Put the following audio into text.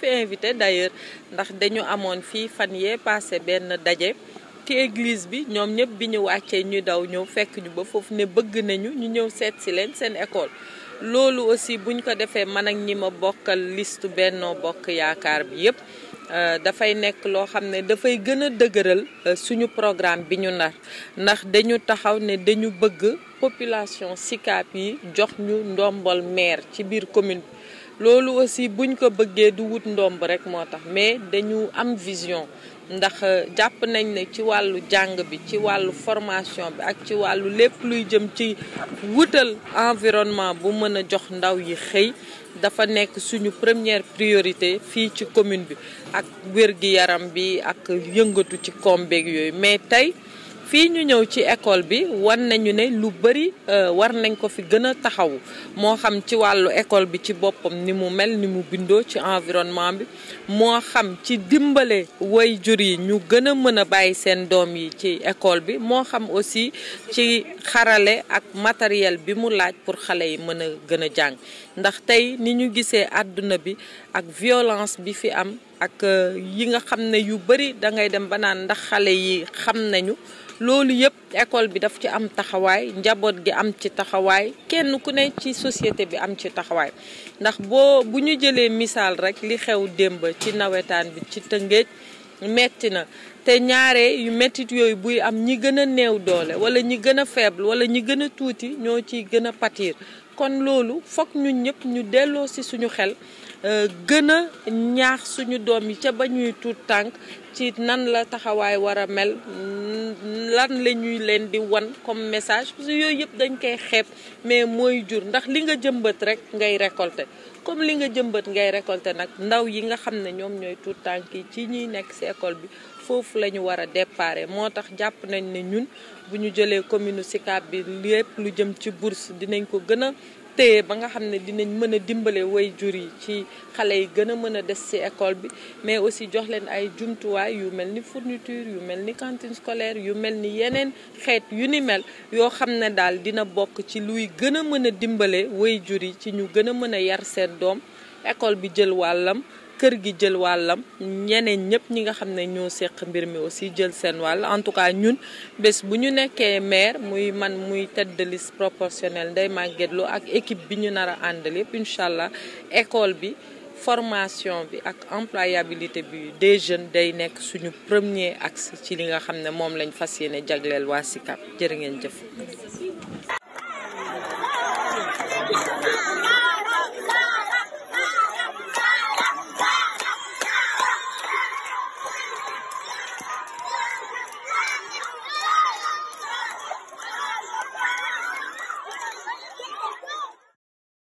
fi invité d'ailleurs ndax dañu amoon fii fan yee passé benn daje ci église bi ñoom ñëpp bi ñu wàccee ñu daw ñëw fekk ñu ba foofu ne bëgg nañu ñu ñëw seet si leen seen école loolu aussi buñ ko defee man ak ñi ma bokkal liste Benno Bokk Yaakaar bi yëpp euh, dafay nekk loo xam ne dafay gën a dëgëral euh, suñu programme bi ñu nar ndax dañu taxaw ne dañu bëgg population Sicap yi jox ñu ndombol maire ci biir commune bi loolu aussi buñ ko bëggee du wut ndomb rek moo tax mais dañu am vision ndax euh, jàpp nañ ne ci wàllu jàng bi ci wàllu formation bi ak ci wàllu lépp luy jëm ci wutal environnement bu mën a jox ndaw yi xëy dafa nekk suñu première priorité fii ci commune bi ak wér-gi-yaram bi ak yëngatu ci koom beeg yooyu mais tey fii ñu ñëw ci école bi wan nañu ne lu bëri euh, war nañ ko fi gën a taxaw moo xam ci wàllu école bi ci boppam ni mu mel ni mu bindoo ci environnement bi moo xam ci dimbale way jur yi ñu gën a mën a bàyyi seen doom yi ci école bi moo xam aussi ci xarale ak matériel bi mu laaj pour xale yi mën a gën a jàng ndax tey ni ñu gisee àdduna bi ak violence bi fi am ak euh, yi nga xam ne yu bëri da ngay dem banaan ndax xale yi xam nañu loolu yëpp école bi daf ci am taxawaay njaboot gi am ci taxawaay kenn ku ne ci société bi am ci taxawaay ndax boo bu ñu jëlee misaal rek li xew démb ci nawetaan bi ci tëngéej metti na te ñaare yu mettit yooyu buy am ñi gën a néew doole wala ñi gën a faible wala ñi gën a tuuti ñoo ciy gën a patir kon loolu foog ñun ñëpp ñu delloo si suñu xel Euh, gën a ñaax suñu doom yi ca ba ñuy tuut tànk ci nan la taxawaay war a mel lan la ñuy leen di wan comme message parce yooyu yëpp dañ koy xeep mais mooy jur ndax li nga jëmbat rek ngay récolter comme li nga jëmbat ngay récolter nag ndaw yi nga xam ne ñoom ñooy tuut tànk yi ci ñuy nekk ci école bi foofu la ñu war a déparé moo tax jàpp nañ ne ñun bu ñu jëlee commune Sicap bi lépp lu jëm ci bourse dinañ ko gën a téye ba nga xam ne dinañ mën a dimbale way jur yi ci xale yi gën a mën a des ci école bi mais aussi jox leen ay jumtuwaay yu mel ni fourniture yu mel ni cantine scolaire yu mel ni yeneen xeet yu ni mel yoo xam ne daal dina bokk ci luy gën a mën a dimbale way jur yi ci ñu gën a mën a yar seen doom école bi jël wàllam kër gi jël wàllam ñeneen ñëpp ñi nga xam ne ñoo seq mbir mi aussi jël seen wàll en tout cas ñun bés bu ñu nekkee maire muy man muy tête de liste proportionnelle Ndeye ak équipe bi ñu nar a àndal yëpp incha allah école bi formation bi ak employabilité bi des jeunes day nekk suñu premier axe ci li nga xam ne moom lañ fas yéene jagleel waa jër jërë ngeen jëf.